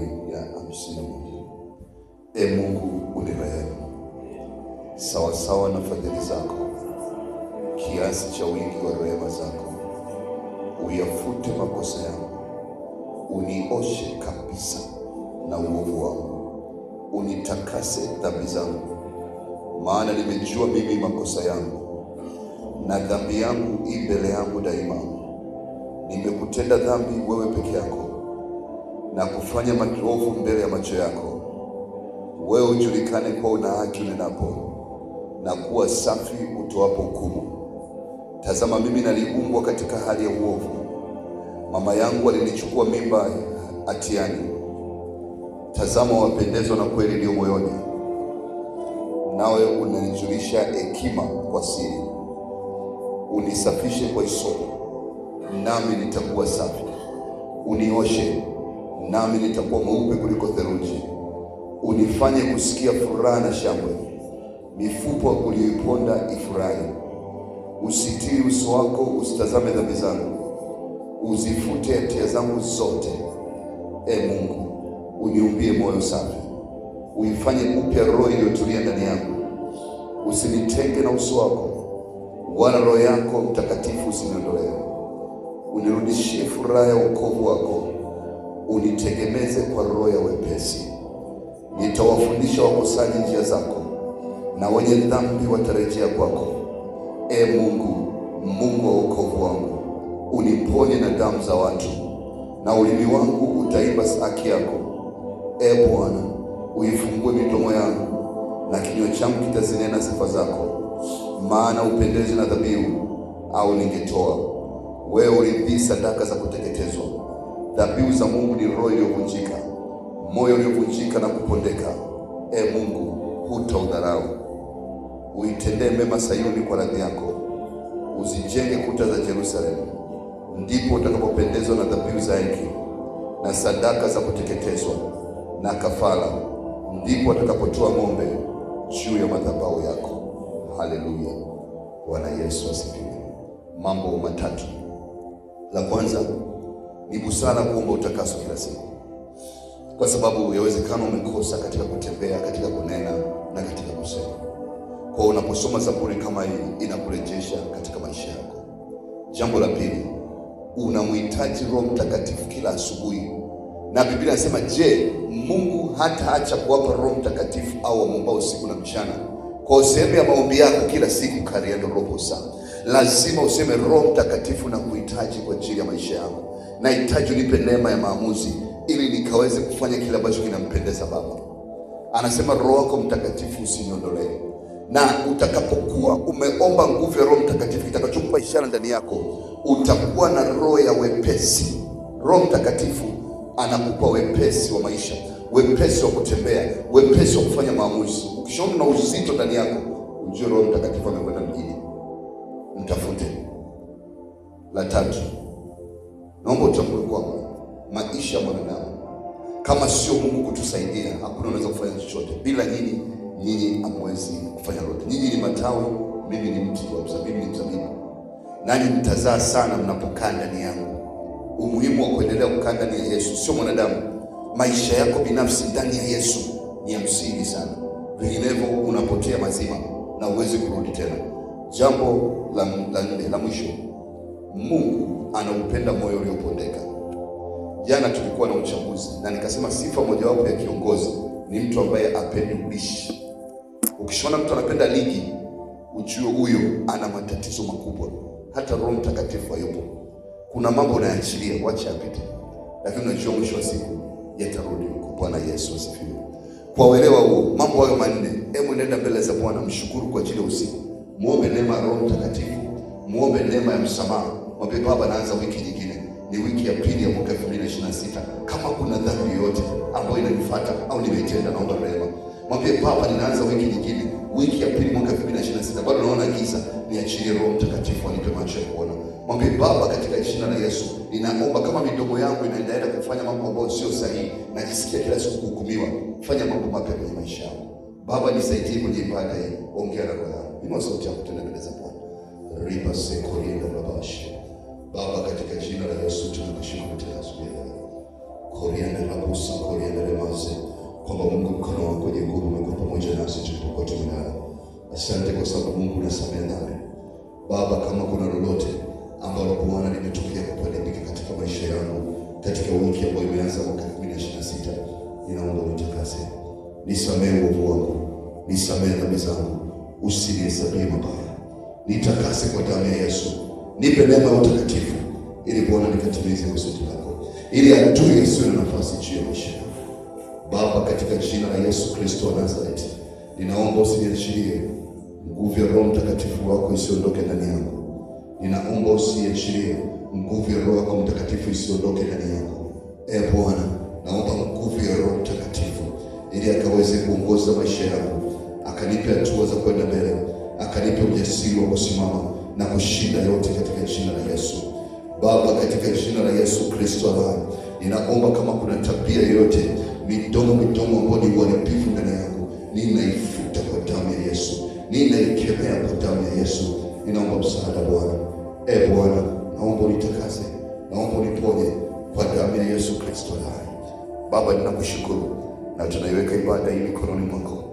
amri ya hamsini moja. E Mungu unirehemu sawasawa na fadhili zako, kiasi cha wingi wa rehema zako, uyafute makosa yangu, unioshe kabisa na uovu wangu, unitakase dhambi zangu, maana nimejua mimi makosa yangu na dhambi yangu ii mbele yangu daima. Nimekutenda dhambi wewe peke yako na kufanya makiovu mbele ya macho yako, wewe ujulikane kuwa una haki unenapo na kuwa safi utoapo hukumu. Tazama, mimi naliumbwa katika hali ya uovu, mama yangu alinichukua mimba hatiani. Tazama, wapendezwa na kweli iliyo moyoni, nawe unanijulisha hekima kwa siri. Unisafishe kwa hisopo, nami nitakuwa safi; unioshe nami nitakuwa mweupe kuliko theluji. Unifanye kusikia furaha na shangwe, mifupa uliyoiponda ifurahi. Usitii uso wako, usitazame dhambi zangu, uzifute hatia zangu zote. E Mungu, uniumbie moyo safi, uifanye upya roho iliyotulia ndani yangu. Usinitenge na uso wako, wala roho yako mtakatifu usiniondolee. Unirudishie furaha ya wokovu wako unitegemeze kwa roho ya wepesi. Nitawafundisha wakosaji njia zako, na wenye dhambi watarejea kwako. E Mungu, Mungu wa wokovu wangu, uniponye na damu za watu, na ulimi wangu utaimba haki yako. E Bwana, uifungue midomo yangu, na kinywa changu kitazinena sifa zako. Maana upendezi na dhabihu, au ningetoa wewe uridhii sadaka za kuteketezwa Dhabihu za Mungu ni roho iliyovunjika, moyo uliovunjika na kupondeka. E Mungu, huta udharau Uitendee mema Sayuni kwa radhi yako, uzijenge kuta za Yerusalemu. Ndipo utakapopendezwa na dhabihu za haki na sadaka za kuteketezwa na kafara, ndipo atakapotoa ng'ombe juu ya madhabahu yako. Haleluya! Bwana Yesu asifiwe. Mambo matatu. La kwanza ni busara kuomba utakaso kila siku, kwa sababu yawezekana umekosa katika kutembea, katika kunena na katika kusema. Kwa unaposoma zaburi kama hii, inakurejesha katika maisha yako. Jambo la pili, unamhitaji Roho Mtakatifu kila asubuhi, na Biblia inasema je, Mungu hata acha kuwapa Roho Mtakatifu au wamwomba usiku na mchana. Kwa sehemu ya maombi yako kila siku kariendo roho sana, lazima useme Roho Mtakatifu na kuhitaji kwa ajili ya maisha yako nahitaji unipe neema ya maamuzi ili nikaweze kufanya kile ambacho kinampendeza Baba. Anasema Roho wako Mtakatifu usiniondolee, na utakapokuwa umeomba nguvu ya Roho Mtakatifu itakachokupa ishara ndani yako, utakuwa na roho ya wepesi. Roho Mtakatifu anakupa wepesi wa maisha, wepesi wa kutembea, wepesi wa kufanya maamuzi. Ukishaona na uzito ndani yako, ujue Roho Mtakatifu amekwenda mjini, mtafute. La tatu Naomba utambue kwamba maisha ya mwanadamu kama sio Mungu kutusaidia, hakuna unaweza kufanya chochote. Bila nyinyi, nyinyi hamwezi kufanya lolote. Nyinyi ni matawi, mimi ni mti wa mzabibu, ni mzabibu, mtazaa sana mnapokaa ndani yangu. Umuhimu wa kuendelea kukaa ndani ya Yesu, sio mwanadamu. Maisha yako binafsi ndani ya Yesu ni ya msingi sana, vinginevyo unapotea mazima na uwezi kurudi tena. Jambo la, la, la, la mwisho Mungu anaupenda moyo uliopondeka. Jana tulikuwa na uchambuzi na nikasema sifa mojawapo ya kiongozi ni mtu ambaye apendi ubishi. ukishona mtu anapenda ligi, ujue huyo ana matatizo makubwa. Hata Roho Mtakatifu hayupo. Kuna mambo unayaachilia, wacha yapite, lakini unajua mwisho wa siku yatarudi huko. Bwana Yesu asifiwe. Kwa uelewa huo, mambo hayo manne, hebu nenda mbele za Bwana, mshukuru kwa ajili ya usiku, muombe neema ya Roho Mtakatifu, muombe neema ya msamaha Waambie baba, naanza wiki nyingine, ni wiki ya pili ya mwaka 2026. Kama kuna dhambi yoyote ambayo inanifuata au nimetenda, naomba rehema. Mwambie baba, ninaanza wiki nyingine, wiki ya pili mwaka 2026, bado naona giza, niachilie Roho Mtakatifu anipe macho ya kuona. Mwambie baba, katika jina la Yesu ninaomba, kama midomo yangu inaendelea kufanya mambo ambayo sio sahihi, najisikia kila siku kuhukumiwa, fanya mambo mapya kwenye maisha yangu. Baba, nisaidie kwenye ibada hii, ongea na roho yangu, inua sauti yako tena mbele za Bwana. riba sekorinda babashi Baba, katika jina la Yesu tunakushukuru tena siku ya leo. Koriande la busa, koriande Kwamba Mungu mkono wako jenguru umekuwa pamoja nasi tulipokuwa tumelala. Asante kwa sababu Mungu unasamehe dhambi. Baba, kama kuna lolote ambalo Bwana limetokea kukuharibika katika maisha yangu katika wiki ambayo imeanza mwaka 2026 ninaomba unitakase. Nisamehe uovu wangu. Nisamehe dhambi zangu. Usinihesabie mabaya. Nitakase kwa damu ya Yesu nipe neema ya utakatifu ili Bwana nikatimize kusudi lako, ili adui asiwe na nafasi juu ya maisha. Baba, katika jina la Yesu Kristo wa Nazareti, ninaomba usiniachilie nguvu ya Roho Mtakatifu wako isiondoke ndani yangu. Ninaomba usiniachilie nguvu ya Roho wako Mtakatifu isiondoke ndani yangu. E Bwana, naomba nguvu ya Roho Mtakatifu ili akaweze kuongoza maisha yangu, akanipe hatua za kwenda mbele, akanipe ujasiri wa kusimama na kushinda yote katika jina la Yesu. Baba, katika jina la Yesu Kristo hai, ninaomba kama kuna tabia yoyote, midomo midomo ambayo ni uharibifu ndani yangu, ninaifuta kwa damu ya Yesu, ninaikemea kwa damu ya Yesu. Ninaomba msaada Bwana. E Bwana, naomba unitakase, naomba uniponye kwa damu ya Yesu Kristo hai. Baba, ninakushukuru na tunaiweka ibada hii mikononi mwako.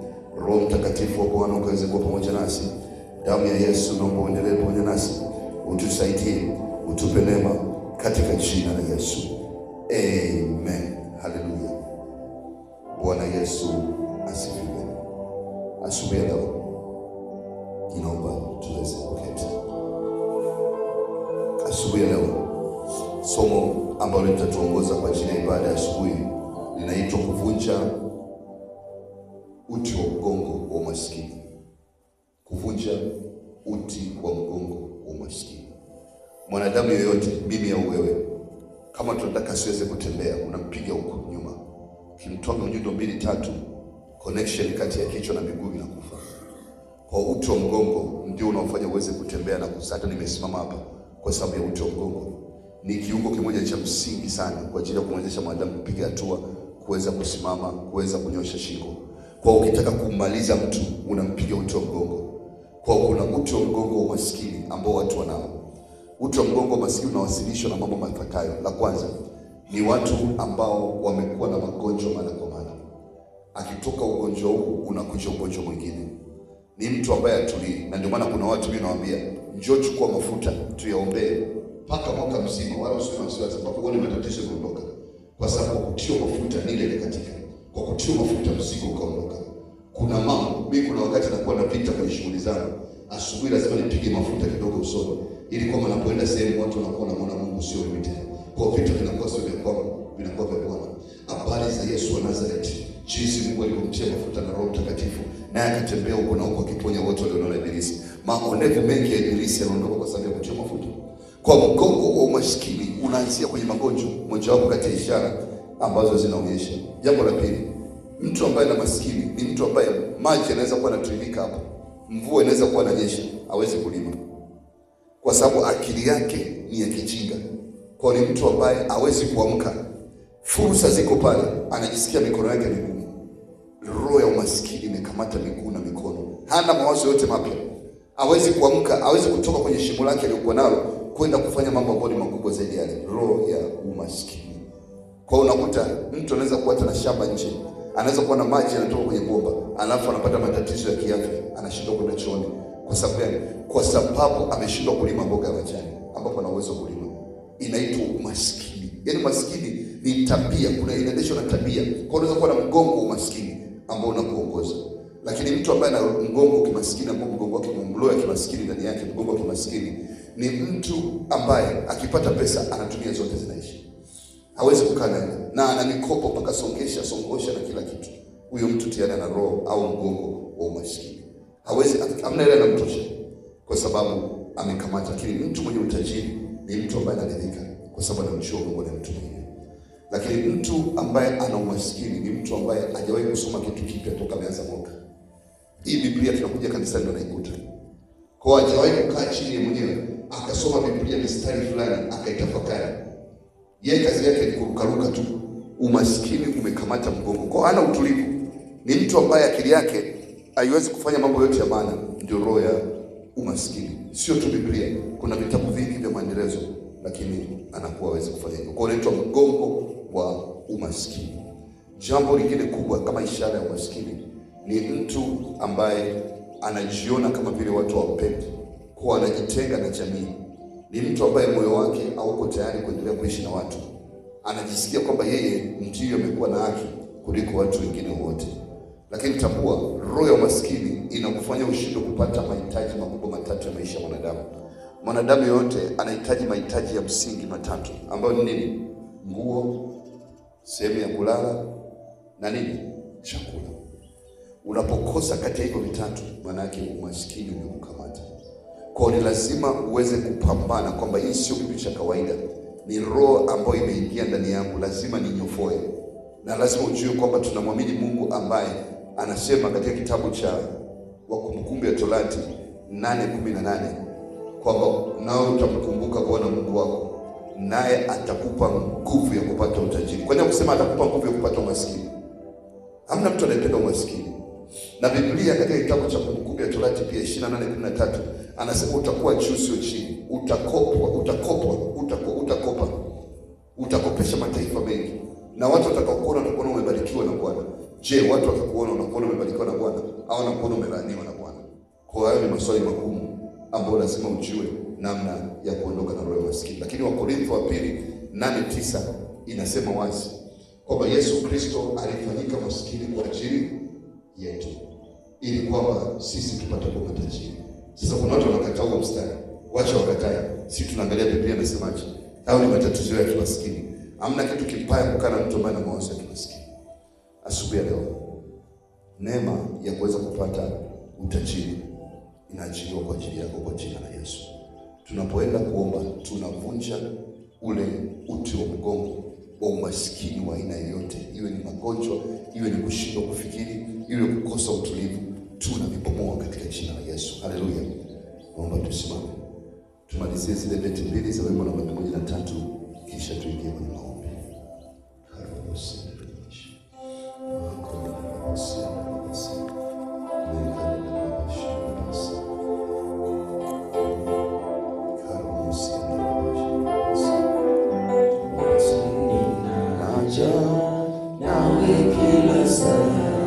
Roho Mtakatifu wa Bwana ukaweze kuwa pamoja nasi Damu ya Yesu naomba uendelee pamoja nasi, utusaidie, utupe neema katika jina la Yesu, amen. Haleluya. Bwana Yesu asifiwe. Asubuhi leo inaomba tuweze kuketi. Asubuhi leo somo ambalo litatuongoza kwa ajili ya ibada ya asubuhi linaitwa kuvunja kuvunja uti wa mgongo wa umaskini. Mwanadamu yoyote, mimi au wewe, kama tunataka siweze kutembea, unampiga huko nyuma, ukimtoa nyundo mbili tatu, connection kati ya kichwa na miguu inakufa. Kwa uti wa mgongo ndio unaofanya uweze kutembea na kusata. Nimesimama hapa kwa sababu ya uti wa mgongo. Ni kiungo kimoja cha msingi sana kwa ajili ya kumwezesha mwanadamu kupiga hatua, kuweza kusimama, kuweza kunyosha shingo. Kwa ukitaka kumaliza mtu unampiga uti wa mgongo. Kwa kuna uti wa mgongo wa maskini ambao watu wanao. Uti wa mgongo wa maskini unawasilishwa na mambo matakayo. La kwanza ni watu ambao wamekuwa na magonjwa mara kwa mara. Akitoka ugonjwa huu unakuja ugonjwa mwingine. Ni mtu ambaye atulii, na ndio maana kuna watu mimi nawaambia, njoo chukua mafuta tuyaombee mpaka mwaka mzima, wala usiwe na wasiwasi sababu ni matatizo yanaondoka kwa sababu kutio mafuta nile katika kwa kutio mafuta msiba ukaondoka. Mimi kuna wakati nakuwa napita kwenye shughuli zangu, asubuhi lazima nipige mafuta kidogo usoni, ili kwamba napoenda sehemu watu wanakuwa wanamwona Mungu, sio mimi tena. Kwa vitu vinakuwa sio vya kwangu, vinakuwa vya Bwana. Habari za Yesu wa Nazareti, jinsi Mungu alivyomtia mafuta na Roho Mtakatifu, naye akatembea huko na huko akiponya watu na Ibilisi. Maonevu mengi ya Ibilisi yanaondoka kwa sababu ya kutia mafuta. Kwa mgongo wa umaskini unaanzia kwenye magonjwa, mojawapo kati ya ishara ambazo zinaonyesha. Jambo la pili Mtu ambaye na maskini ni mtu ambaye maji yanaweza kuwa yanatiririka hapo, mvua inaweza kuwa inanyesha, hawezi kulima kwa sababu akili yake ni ya kijinga. Kwa ni mtu ambaye hawezi kuamka, fursa ziko pale, anajisikia mikono yake migumu. Roho ya umaskini imekamata miguu na mikono, hana mawazo yote mapya, hawezi kuamka, hawezi kutoka kwenye shimo lake aliyokuwa nalo kwenda kufanya mambo ambayo ni makubwa zaidi yale, roho ya umaskini. kwao, unakuta mtu anaweza kuwa na shamba nje anaweza kuwa na maji yanatoka kwenye bomba, alafu anapata matatizo ya kiafya, anashindwa kwenda chooni. Kwa sababu gani? Kwa sababu ameshindwa kulima mboga ya majani ambapo ana uwezo kulima. Inaitwa umaskini. Yaani maskini ni tabia, kuna inaendeshwa na tabia. Kwa unaweza kuwa na mgongo wa umaskini ambao unakuongoza, lakini mtu ambaye ana mgongo wa kimaskini ambao mgongo wake ni mlo ya kimaskini ndani yake, mgongo wa kimaskini ni mtu ambaye akipata pesa anatumia zote, zinaishi hawezi kukaa naye na ana mikopo mpaka songesha songosha na kila kitu. Huyo mtu tayari ana roho au mgongo wa umaskini, hawezi amna ile anamtosha, kwa sababu amekamata. Lakini mtu mwenye utajiri ni mtu ambaye anaridhika, kwa sababu anamjua Mungu na mtu mwingine. Lakini mtu ambaye ana umaskini ni mtu ambaye hajawahi kusoma kitu kipya toka ameanza mwaka. Hii Biblia tunakuja kanisani ndio naikuta kwa hajawahi kukaa chini mwenyewe akasoma Biblia mistari fulani akaitafakari yeye kazi yake ni kurukaruka tu. Umaskini umekamata mgongo kwao, hana utulivu. Ni mtu ambaye akili yake haiwezi kufanya mambo yote ya maana, ndio roho ya umaskini. Sio tu Biblia, kuna vitabu vingi vya maendeleo, lakini anakuwa hawezi kufanya hivyo, hiyo unaitwa mgongo wa umaskini. Jambo lingine kubwa kama ishara ya umaskini ni mtu ambaye anajiona kama vile watu hawampendi, kwa anajitenga na jamii ni mtu ambaye moyo wake hauko tayari kuendelea kuishi na watu, anajisikia kwamba yeye ndiyo amekuwa na haki kuliko watu wengine wote. Lakini tambua, roho ya umaskini inakufanya ushindwe kupata mahitaji makubwa matatu ya maisha ya mwanadamu. Mwanadamu yoyote anahitaji mahitaji ya msingi matatu ambayo ni nini? Nguo, sehemu ya kulala na nini? Chakula. Unapokosa kati ya hivyo vitatu, maana yake umaskini umeuka kwa ni lazima uweze kupambana kwamba hii sio kitu cha kawaida, ni roho ambayo imeingia ndani yangu, lazima ninyofoe, na lazima ujue kwamba tunamwamini Mungu ambaye anasema katika kitabu cha Wakumbukumbu ya Torati 8:18 kwamba nao utamkumbuka Bwana Mungu wako naye atakupa nguvu ya kupata utajiri. Kwa nini akusema atakupa nguvu ya kupata umaskini? Hamna mtu anayependa umaskini. Na Biblia katika kitabu cha Kumbukumbu ya Torati pia 28:13 anasema utakuwa juu sio chini, utakopwa, utakopwa, utakopwa, utakopa, utakopesha mataifa mengi, na watu watakaokuona watakuona umebarikiwa na Bwana. Je, watu watakuona wanakuona umebarikiwa na Bwana au wanakuona umelaaniwa na Bwana? Kwa hiyo ni maswali magumu ambayo lazima ujue namna ya kuondoka na roho ya maskini. Lakini Wakorintho wa pili 8:9 inasema wazi kwamba Yesu Kristo alifanyika maskini kwa ajili yetu, ili kwamba sisi tupate kuwa matajiri. Sasa kuna watu wanakataa huo mstari, wacha wakatae. Si tunaangalia Biblia inasemaje? Au ni matatizo yetu maskini? Amna kitu kibaya kukaa na mtu ambaye na mawazo yetu maskini. Asubuhi ya leo, neema ya kuweza kupata utajiri inaachiliwa kwa ajili yako kwa jina la Yesu. Tunapoenda kuomba, tunavunja ule uti wa mgongo wa umaskini wa aina yoyote, iwe ni magonjwa, iwe ni kushindwa kufikiri ile kukosa utulivu tunavibomoa katika jina la Yesu. Haleluya! Naomba tusimame tumalizie zile beti mbili za wimbo namba moja na tatu kisha tuingie kwenye maombi. Naja nawe kila saa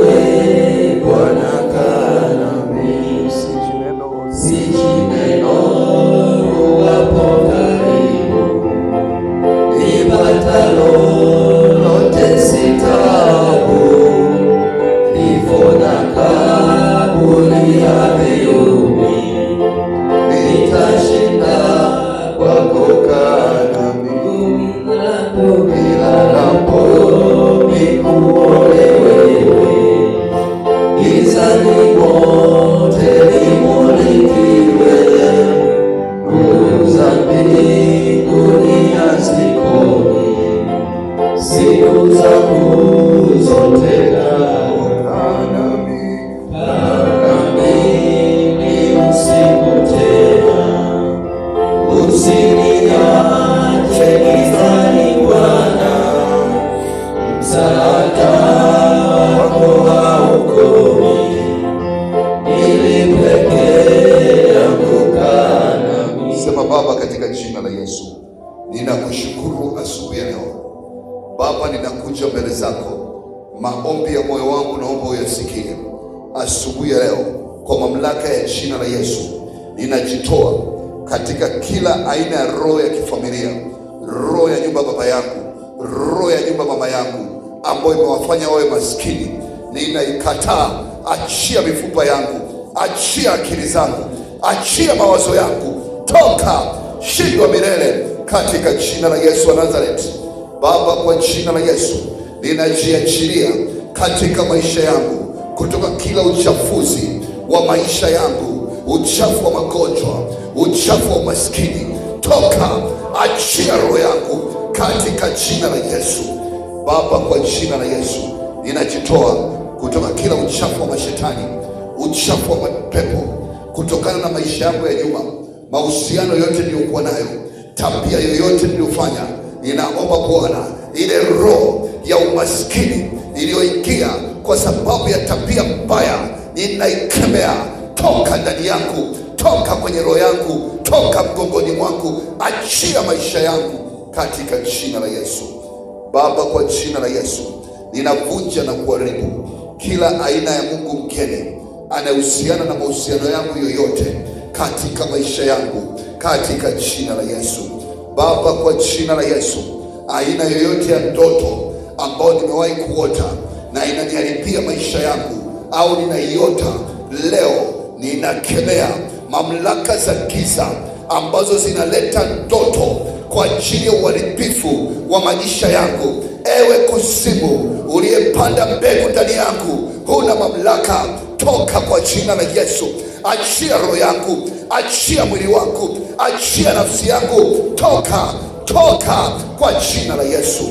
kwa mamlaka ya jina la Yesu ninajitoa katika kila aina ya roho ya kifamilia, roho ya nyumba baba yangu, roho ya nyumba mama yangu ambayo imewafanya wawe maskini, ninaikataa. Achia mifupa yangu, achia akili zangu, achia mawazo yangu, toka, shindwa milele katika jina la Yesu wa Nazareti. Baba, kwa jina la Yesu ninajiachilia katika maisha yangu kutoka kila uchafuzi wa maisha yangu, uchafu wa magonjwa, uchafu wa umaskini. toka, achia roho yangu katika jina la Yesu. Baba, kwa jina la Yesu ninajitoa kutoka kila uchafu wa mashetani, uchafu wa mapepo, kutokana na maisha yangu ya nyuma, mahusiano yote niliyokuwa nayo, tabia yoyote niliyofanya, ninaomba Bwana ile roho ya umaskini iliyoingia kwa sababu ya tabia mbaya, ninaikemea. Toka ndani yangu, toka kwenye roho yangu, toka mgongoni mwangu, achia maisha yangu katika jina la Yesu. Baba, kwa jina la Yesu ninavunja na kuharibu kila aina ya Mungu mkene anayehusiana na mahusiano yangu yoyote katika maisha yangu katika jina la Yesu. Baba, kwa jina la Yesu, aina yoyote ya ndoto ambao nimewahi kuota na inajaribia maisha yangu au ninaiota leo, ninakemea mamlaka za giza ambazo zinaleta ndoto kwa ajili ya uharibifu wa maisha yangu. Ewe kusimu uliyepanda mbegu ndani yangu, huna mamlaka, toka kwa jina la Yesu. Achia roho yangu, achia mwili wangu, achia nafsi yangu, toka, toka kwa jina la Yesu.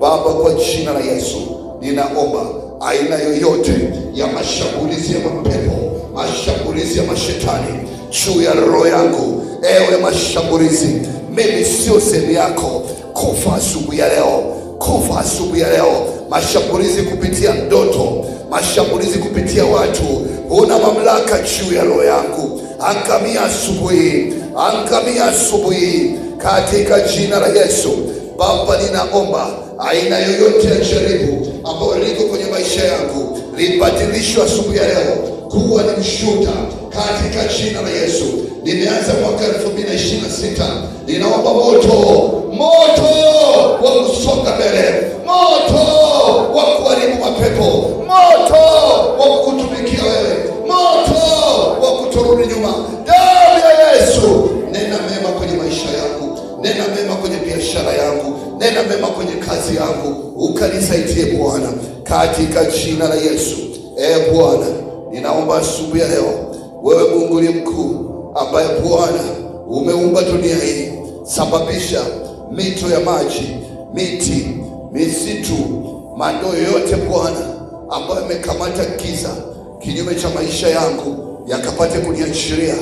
Baba, kwa jina la Yesu ninaomba aina yoyote ya mashambulizi ya mapepo, mashambulizi ya mashetani juu ya roho yangu. Ewe mashambulizi, mimi sio sehemu yako. Kufa asubuhi ya leo, kufa asubuhi ya leo. Mashambulizi kupitia ndoto, mashambulizi kupitia watu, una mamlaka juu ya roho yangu. Angamia asubuhi, angamia asubuhi, katika jina la Yesu. Baba, ninaomba aina yoyote ya jaribu ambayo liko kwenye maisha yangu libatilishwe asubuhi ya leo kuwa ni mshuta katika jina la Yesu. Nimeanza mwaka elfu mbili na ishirini na sita, ninaomba moto moto wa kusonga mbele, moto wa kuharibu mapepo, moto wa kutumikia wewe, moto wa kutorudi nyuma. Damu ya Yesu, nena mema kwenye maisha yangu, nena mema kwenye biashara yangu nenda mema kwenye kazi yangu, ukanisaidie Bwana, katika jina la Yesu. E Bwana, ninaomba asubuhi ya leo, wewe Mungu ni mkuu, ambaye Bwana umeumba dunia hii, sababisha mito ya maji, miti, misitu, mandoo yote Bwana ambayo imekamata giza kinyume cha maisha yangu yakapate kuniachilia,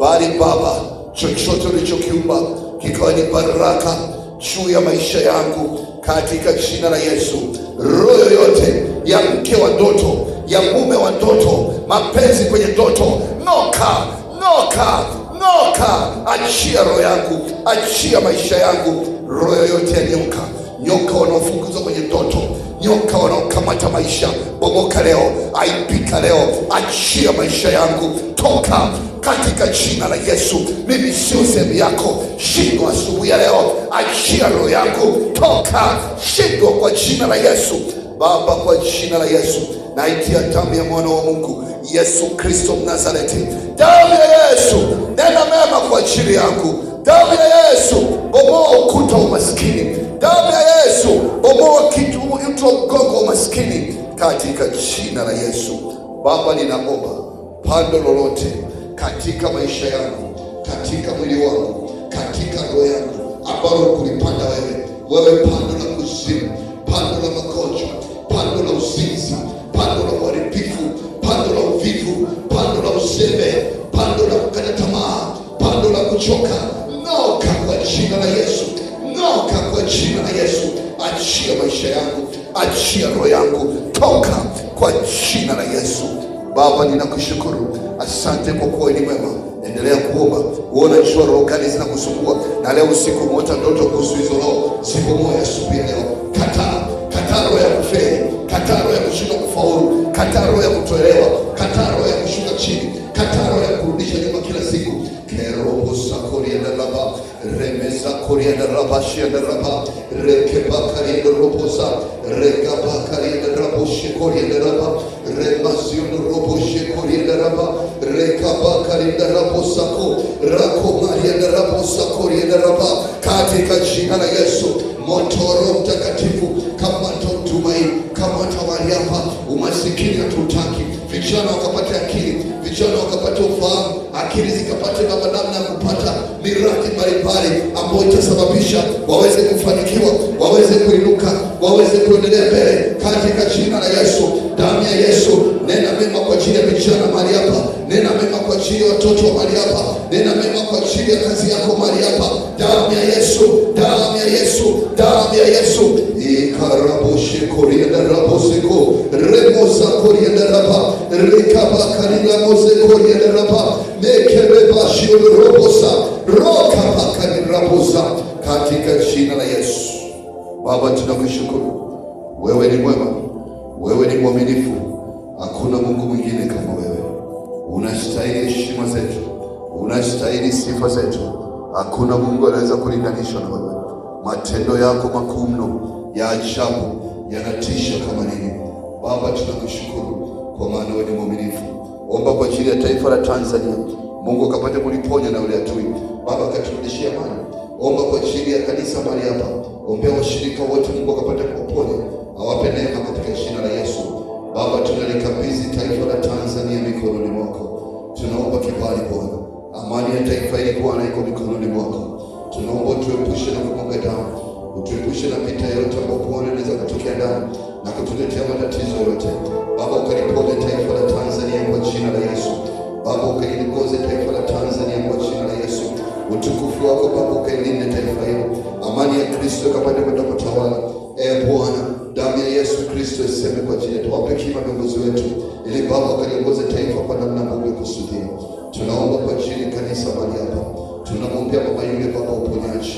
bali Baba, chochote ulichokiumba kikawa ni baraka juu ya maisha yangu katika jina la Yesu. Roho yoyote ya mke wa ndoto, ya mume wa ndoto, mapenzi kwenye ndoto, noka noka noka, achia roho yangu, achia maisha yangu. Roho yoyote ya nyoka, nyoka wanaofukuzwa kwenye ndoto, nyoka wanaokamata maisha, bomoka leo, aipika leo, achia maisha yangu, toka katika jina la Yesu. Mimi sio sehemu yako, shindwa asubuhi ya leo, achia roho yako, toka, shindwa kwa jina la Yesu. Baba, kwa jina la Yesu naitia damu ya mwana wa Mungu Yesu Kristo Mnazareti, damu ya Yesu, nena mema kwa ajili yangu. Damu ya Yesu, bomoa ukuta wa umaskini. Damu ya Yesu, bomoa kitu mtu wa mgongo wa umaskini, katika jina la Yesu. Baba, ninaomba pando lolote katika maisha yangu, katika mwili wangu, katika roho yangu ambalo kulipanda wewe. Wewe pando la kuzimu, pando la magonjwa, pando la uzinzi, pando la uharibifu, pando la uvivu, pando la useme pando la kukata tamaa, pando la kuchoka, noka kwa jina la Yesu, noka kwa jina la Yesu. Achia maisha yangu, achia roho yangu, toka kwa jina la Yesu. Baba, ninakushukuru Asante kwa kuwa ni mwema. Endelea kuomba, uona jua roho kali zinakusumbua, na leo usiku umeota ndoto kuhusu hizo roho, siku moja asubuhi leo kataa, kataa roho ya kufeli, kataa roho ya kushindwa kufaulu, kataa roho ya kutoelewa, kataa remeza koria de rabashia de raba rekeba karia de robosa rekaba karia de raboshi koria de raba remazio de roboshi de raba rekaba karia de rabosako rako maria de rabosa koria de raba katika jina Yesu moto Roho Mtakatifu kamata utumaini kamata waliapa umasikini vijana wakapate akili, vijana wakapate ufahamu, akili zikapate baba, namna ya kupata miradi mbalimbali ambayo itasababisha waweze kufanikiwa, waweze kuinuka, waweze kuendelea mbele katika jina la Yesu. Damu ya Yesu, nena mema kwa ajili ya biashara mahali hapa, nena mema kwa ajili ya watoto wa mahali hapa, nena mema kwa ajili ya kazi yako mahali hapa. Damu ya Yesu, damu ya Yesu, damu ya Yesu ikaraboshe korienda raboseko remosa korienda raba rekaba karila mose korienda raba mekereba shiolo robosa rokaba karila rabosa katika jina la Yesu. Baba, tunakushukuru wewe ni mwema wewe ni mwaminifu, hakuna Mungu mwingine kama wewe. Unastahili heshima zetu, unastahili sifa zetu, hakuna Mungu anaweza kulinganishwa na wewe. Matendo yako makuu mno ya ajabu yanatisha kama nini. Baba, tunakushukuru kwa maana wewe ni mwaminifu. Omba kwa ajili ya taifa la Tanzania, Mungu akapate kuliponya na ule atui. Baba akaturudishia amani. Omba kwa ajili ya kanisa mahali hapa, ombea washirika wote, Mungu akapate kuponya wape neema katika jina la Yesu. Baba, tunalikabidhi taifa la Tanzania mikononi mwako, tunaomba kibali Bwana. Amani ya taifa hili Bwana iko mikononi mwako, tunaomba utuepushe na kumwaga damu, utuepushe na vita yoyote ambayo Bwana inaweza kutokea ndani na kutuletea matatizo yote. Baba, ukaliponye taifa la Tanzania kwa jina la Yesu. Baba, ukaliongoze taifa la Tanzania kwa jina la Yesu. Utukufu wako Baba ukailinde taifa hilo, amani ya Kristo ikapate kwenda kutawala Kristo iseme kwa ajili yetu. Wape hekima viongozi wetu, ili Baba kaliongoze taifa kwa namna ambayo imekusudia. Tunaomba kwa ajili kanisa mahali hapa, tunamwombea Baba yule Baba uponyaji,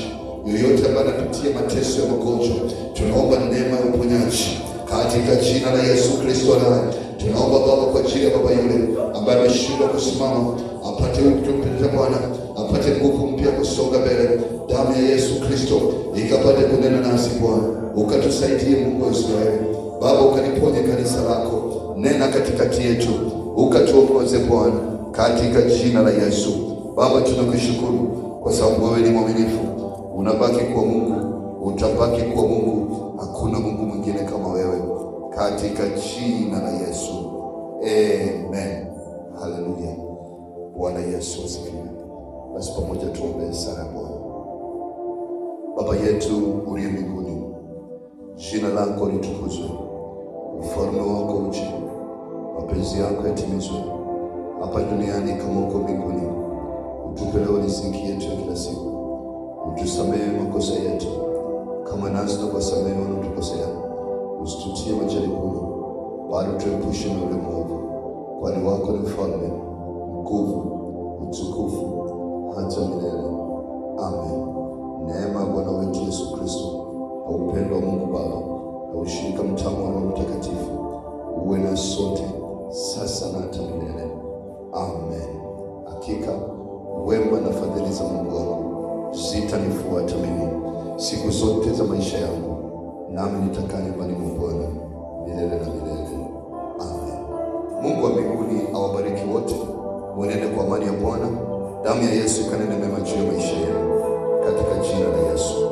yoyote ambaye anapitia mateso ya magonjwa, tunaomba neema ya uponyaji katika jina la Yesu Kristo Na Tunaomba Baba kwa ajili ya baba yule ambaye ameshindwa kusimama, apate upya Bwana, apate nguvu mpya kusonga mbele. Damu ya Yesu Kristo ikapate kunena nasi Bwana, ukatusaidie Mungu wa Israeli. Baba, ukaliponye kanisa lako, nena katikati yetu, ukatuokoze Bwana, katika jina la Yesu. Baba, tunakushukuru kwa sababu wewe ni mwaminifu, unabaki kwa Mungu, utabaki kwa Mungu, hakuna Mungu mwingine kama wewe, katika jina la Yesu, amen. Haleluya. Bwana Yesu asifiwe. Basi pamoja tuombe sana. Bwana Baba yetu uliye mbinguni, jina lako litukuzwe Ufalme wako uje, mapenzi yako yatimizwe hapa duniani kama huko mbinguni. Utupe leo riziki yetu ya kila siku, utusamehe makosa yetu kama nasi tunawasamehe wanaotukosea, usitutie majaribuni, bali tuepushe na ule mwovu, kwani wako ni ufalme, nguvu, utukufu hata milele. Amen. Neema ya Bwana wetu Yesu Kristo na upendo wa Mungu Baba na ushirika mta siku zote za maisha yangu, nami nitakaa nyumbani mwa Bwana milele na milele. Amen. Mungu wa mbinguni awabariki wote, mwenende kwa amani ya Bwana. Damu ya Yesu ikanene mema juu ya maisha yenu katika jina la Yesu.